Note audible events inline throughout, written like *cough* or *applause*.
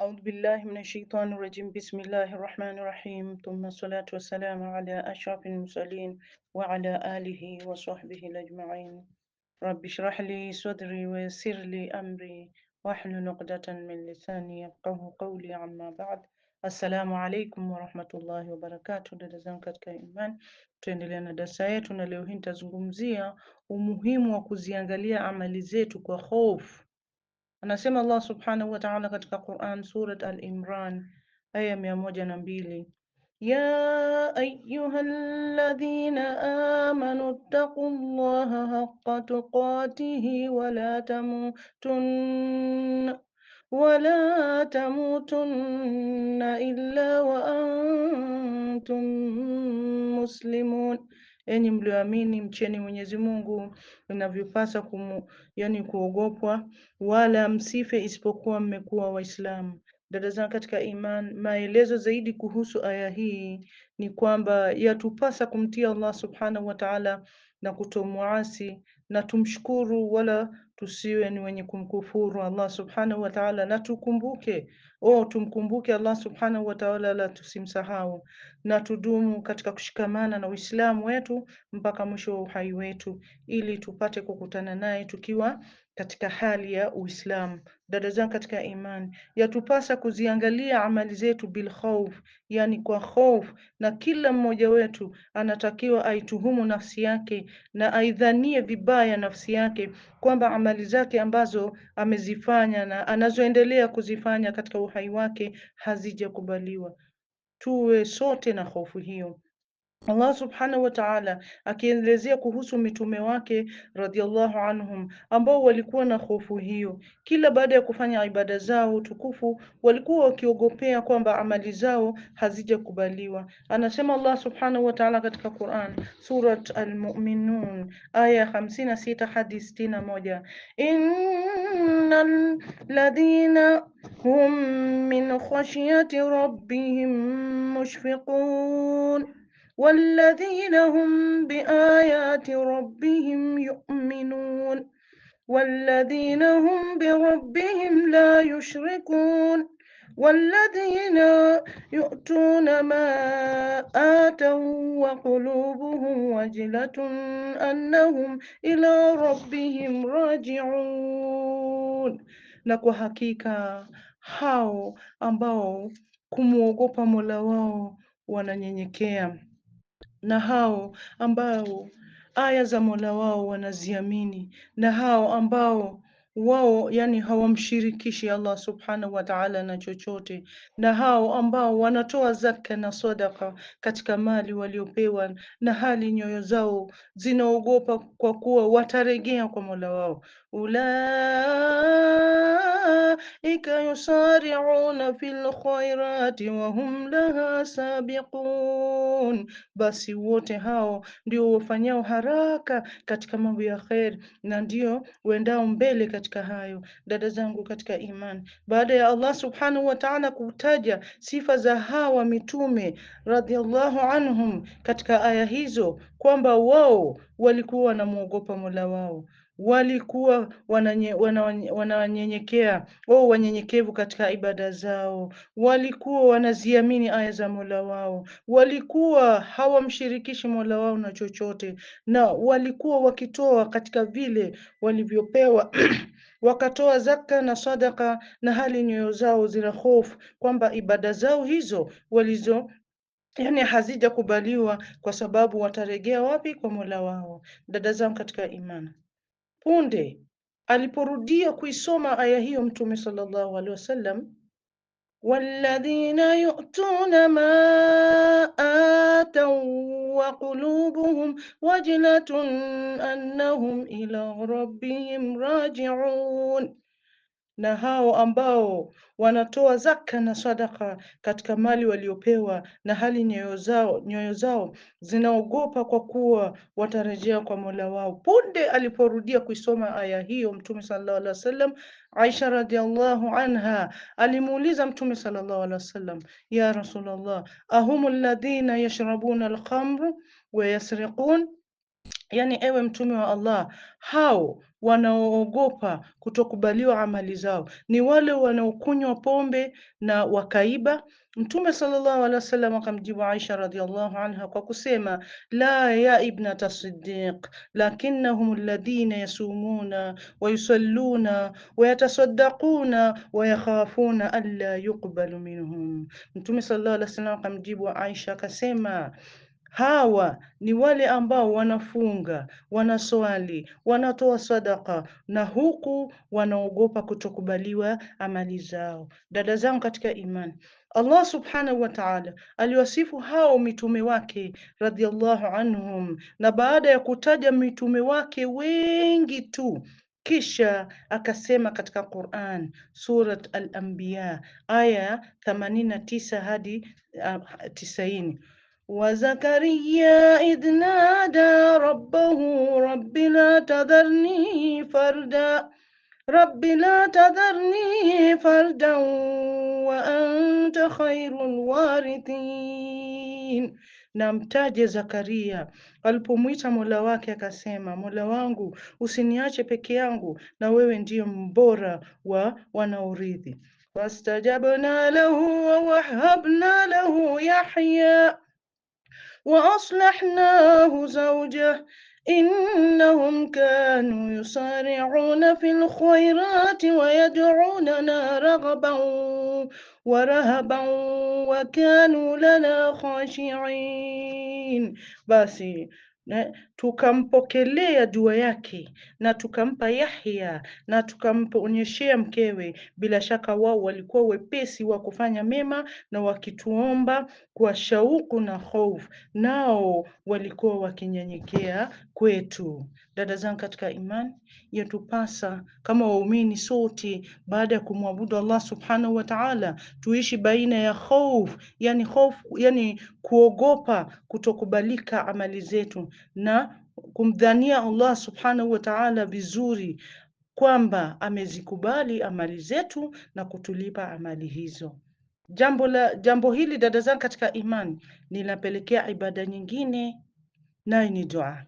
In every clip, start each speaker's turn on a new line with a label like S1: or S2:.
S1: Audu billahi minashaitan rajim. Bismillahi rahmani rahim. Thumma salatu wassalamu ala ashrafil mursalin wa ala alihi wa sahbihi ajmain. Rabbi shrah li sadri wa yassir li amri wahlul uqdatan min lisani yafqahu qawli. Amma ba'd. Assalamu alaikum warahmatullahi wabarakatuh. Dada zangu katika imani, tuendelea na darsa yetu, na leo hii nitazungumzia umuhimu wa kuziangalia amali zetu kwa hofu Anasema Allah subhanahu wa ta'ala katika Quran Surat Al-Imran aya mia moja na mbili ya ayyuhalladhina amanu ittaqullaha haqqa tuqatihi wa la tamutunna ولا تموتن إلا وأنتم مسلمون Enyi yaani mlioamini, mcheni Mwenyezi Mungu inavyopasa kumu, yani kuogopwa, wala msife isipokuwa mmekuwa Waislamu. Dada zangu katika iman, maelezo zaidi kuhusu aya hii ni kwamba yatupasa kumtia Allah subhanahu wa ta'ala na kutomwasi na tumshukuru, wala tusiwe ni wenye kumkufuru Allah subhanahu wa ta'ala, na tukumbuke o tumkumbuke Allah subhanahu wa ta'ala, la tusimsahau, na tudumu katika kushikamana na Uislamu wetu mpaka mwisho wa uhai wetu, ili tupate kukutana naye tukiwa katika hali ya Uislamu. Dada zangu katika imani, yatupasa kuziangalia amali zetu bil khauf, yani kwa khauf na na kila mmoja wetu anatakiwa aituhumu nafsi yake na aidhanie vibaya nafsi yake kwamba amali zake ambazo amezifanya na anazoendelea kuzifanya katika uhai wake hazijakubaliwa. Tuwe sote na hofu hiyo. Allah subhanahu wa ta'ala akielezea kuhusu mitume wake radhiallahu anhum ambao walikuwa na hofu hiyo. Kila baada ya kufanya ibada zao tukufu, walikuwa wakiogopea kwamba amali zao hazijakubaliwa. Anasema Allah subhanahu wa ta'ala katika Quran, Surat Al-Mu'minun aya 56 hadi 61, innal ladhina hum min khashyati rabbihim mushfiqun والذين هم بآيات ربهم يؤمنون والذين هم بربهم لا يشركون والذين يؤتون ما آتوا وقلوبهم وجلة أنهم إلى ربهم راجعون na حقيقة هاو أمباو كموغو kumwogopa Mola wao wananyenyekea na hao ambao aya za Mola wao wanaziamini na hao ambao wao yani hawamshirikishi Allah subhanahu wa ta'ala na chochote, na hao ambao wanatoa zaka na sadaka katika mali waliopewa, na hali nyoyo zao zinaogopa kwa kuwa wataregea kwa Mola wao ulaa أولئك يسارعون في الخيرات wahum laha sabiqun, basi wote hao ndio wafanyao haraka katika mambo ya kheri na ndio wendao mbele katika hayo. Dada zangu katika imani, baada ya Allah subhanahu wa ta'ala kutaja sifa za hawa mitume radhiallahu anhum katika aya hizo kwamba wao walikuwa wanamwogopa Mola wao walikuwa wana, o wanyenyekevu katika ibada zao, walikuwa wanaziamini aya za Mola wao, walikuwa hawamshirikishi Mola wao na chochote, na walikuwa wakitoa katika vile walivyopewa *clears throat* wakatoa zaka na sadaka, na hali nyoyo zao zina hofu kwamba ibada zao hizo walizo yani hazijakubaliwa, kwa sababu wataregea wapi? Kwa Mola wao. Dada zangu katika imani Punde aliporudia kuisoma aya hiyo Mtume sallallahu alaihi wasallam, walladhina yu'tuna ma atau wa qulubuhum wajlatun annahum ila rabbihim raji'un na hao ambao wanatoa zaka na sadaka katika mali waliopewa, na hali nyoyo zao nyoyo zao zinaogopa kwa kuwa watarejea kwa Mola wao. Punde aliporudia kuisoma aya hiyo, Mtume sallallahu alaihi wasallam, Aisha radhiallahu anha alimuuliza Mtume sallallahu alaihi wasallam, ya Rasulullah, ahumul ladhina yashrabuna alkhamr wa yasriqun Yani, ewe mtume wa Allah, hao wanaoogopa kutokubaliwa amali zao ni wale wanaokunywa pombe na wakaiba. Mtume sallallahu alaihi wasallam akamjibu Aisha radhiallahu anha kwa kusema la ya ibnata Siddiq lakinnahum alladhina yasumuna wa yusalluna wa yatasaddaquna wa yakhafuna alla yuqbalu minhum. Mtume sallallahu alaihi wasallam akamjibu Aisha akasema Hawa ni wale ambao wanafunga, wanaswali, wanatoa sadaka na huku wanaogopa kutokubaliwa amali zao. Dada zangu katika imani, Allah subhanahu wa ta'ala aliwasifu hao mitume wake radhiallahu anhum, na baada ya kutaja mitume wake wengi tu kisha akasema katika Quran Surat Al-Anbiya aya 89 hadi 90 ah, وزكريا إذ نادى ربه رب لا تذرني فردا رب لا تذرني فردا وأنت خير الوارثين na mtaje Zakaria. Alipomwita Mola wake akasema, Mola wangu usiniache peke yangu, na wewe ndiyo mbora wa wanaorithi. Fastajabna lahu wa wahabna lahu Yahya وأصلحناه زوجه إنهم كانوا يصارعون في الخيرات ويدعوننا رغبا ورهبا وكانوا لنا خاشعين بس Ne, tukampokelea dua yake na tukampa Yahya na tukamonyeshea mkewe. Bila shaka wao walikuwa wepesi wa kufanya mema na wakituomba kwa shauku na hofu, nao walikuwa wakinyenyekea kwetu. Dada zangu katika imani, yatupasa kama waumini sote, baada ya kumwabudu Allah subhanahu wa ta'ala, tuishi baina ya hofu, yani hofu, yani kuogopa kutokubalika amali zetu na kumdhania Allah subhanahu wa ta'ala vizuri kwamba amezikubali amali zetu na kutulipa amali hizo. Jambo la jambo hili dada zangu katika imani linapelekea ibada nyingine, nayo ni dua,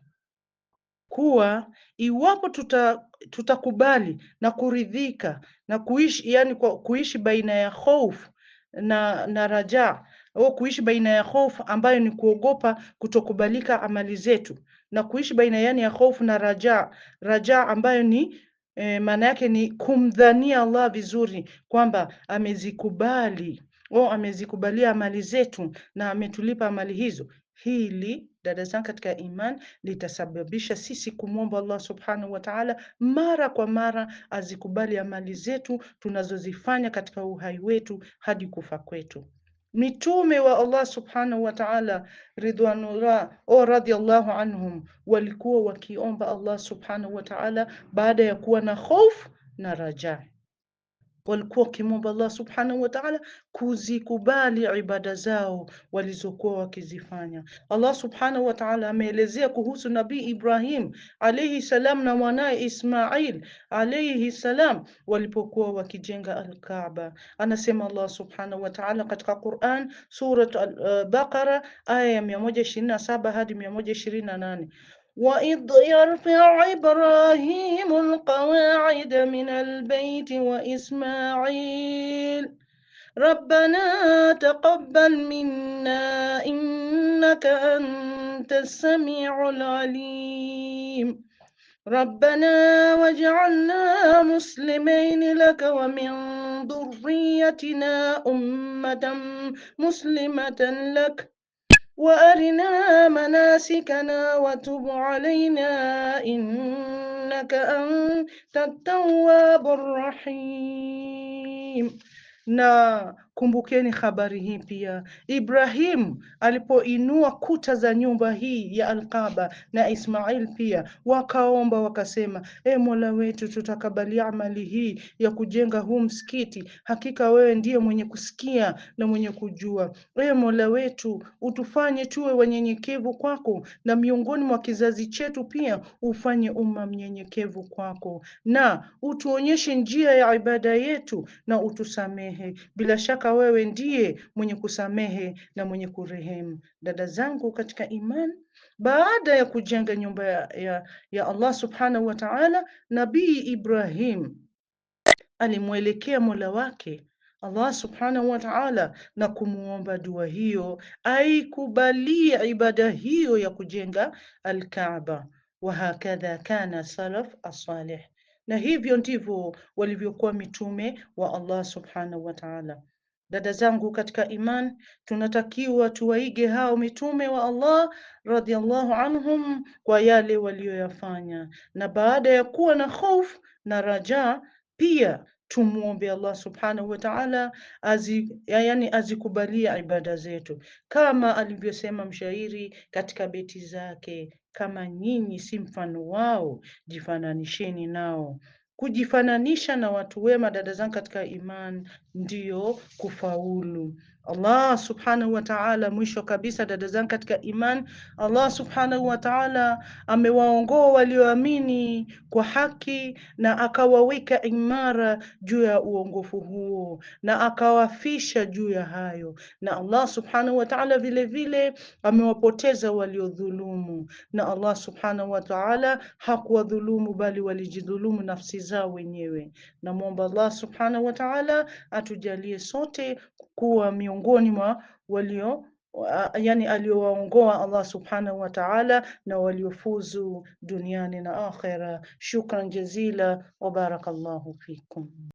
S1: kuwa iwapo tuta tutakubali na kuridhika na kuishi yani, kwa kuishi baina ya hofu na na rajaa au kuishi baina ya hofu ambayo ni kuogopa kutokubalika amali zetu na kuishi baina yani ya hofu na raja, raja ambayo ni e, maana yake ni kumdhania Allah vizuri kwamba amezikubali au oh, amezikubalia amali zetu na ametulipa amali hizo. Hili dada zangu katika iman litasababisha sisi kumwomba Allah subhanahu wa ta'ala mara kwa mara azikubali amali zetu tunazozifanya katika uhai wetu hadi kufa kwetu. Mitume wa Allah subhanahu wa ta'ala ridwanullah o radhiallahu anhum walikuwa wakiomba Allah subhanahu wa ta'ala baada ya kuwa na hofu na rajaa walikuwa wakimwomba Allah subhanahu wa ta'ala kuzikubali ibada zao walizokuwa wakizifanya. Allah subhanahu wa ta'ala ameelezea kuhusu Nabii Ibrahim alayhi salam na mwanaye Ismail alayhi salam walipokuwa wakijenga Al-Kaaba. Anasema Allah subhanahu wa ta'ala katika Quran, Surat Al-Baqara uh, aya ya 127 hadi 128 وإذ يرفع إبراهيم القواعد من البيت وإسماعيل ربنا تقبل منا إنك أنت السميع العليم ربنا واجعلنا مسلمين لك ومن ذريتنا أمة مسلمة لك وأرنا مناسكنا وتب علينا إنك أنت التواب الرحيم نعم. Kumbukeni habari hii pia. Ibrahim alipoinua kuta za nyumba hii ya Alkaba na Ismail pia wakaomba wakasema, e Mola wetu, tutakabali amali hii ya kujenga huu msikiti, hakika wewe ndiye mwenye kusikia na mwenye kujua. E Mola wetu, utufanye tuwe wanyenyekevu kwako, na miongoni mwa kizazi chetu pia ufanye umma mnyenyekevu kwako, na utuonyeshe njia ya ibada yetu na utusamehe. Bila shaka hakika wewe ndiye mwenye kusamehe na mwenye kurehemu. Dada zangu katika imani, baada ya kujenga nyumba ya, ya, ya Allah subhanahu wa ta'ala, Nabii Ibrahim alimwelekea Mola wake Allah subhanahu wa ta'ala na kumuomba dua hiyo, aikubalie ibada hiyo ya kujenga Alkaaba. hakadha kana salaf asalih, na hivyo ndivyo walivyokuwa mitume wa Allah subhanahu wa ta'ala. Dada zangu katika iman, tunatakiwa tuwaige hao mitume wa Allah radhiallahu anhum kwa yale waliyoyafanya, na baada ya kuwa na hofu na rajaa pia tumuombe Allah subhanahu wa ta'ala azi, yani azikubalia ibada zetu, kama alivyosema mshairi katika beti zake, kama nyinyi si mfano wao, jifananisheni nao. Kujifananisha na watu wema, dada zangu katika imani, ndiyo kufaulu. Allah subhanahu wa ta'ala. Mwisho kabisa, dada zangu katika iman, Allah subhanahu wa ta'ala amewaongoa walioamini kwa haki na akawaweka imara juu ya uongofu huo na akawafisha juu ya hayo, na Allah subhanahu wa ta'ala vile vile amewapoteza waliodhulumu, na Allah subhanahu wa ta'ala hakuwadhulumu bali walijidhulumu nafsi zao wenyewe. Namwomba Allah subhanahu wa ta'ala atujalie sote kuwa miongoni mwa walio yani aliowaongoa Allah subhanahu wa ta'ala na waliofuzu duniani na akhera. Shukran jazila wa barakallahu fikum.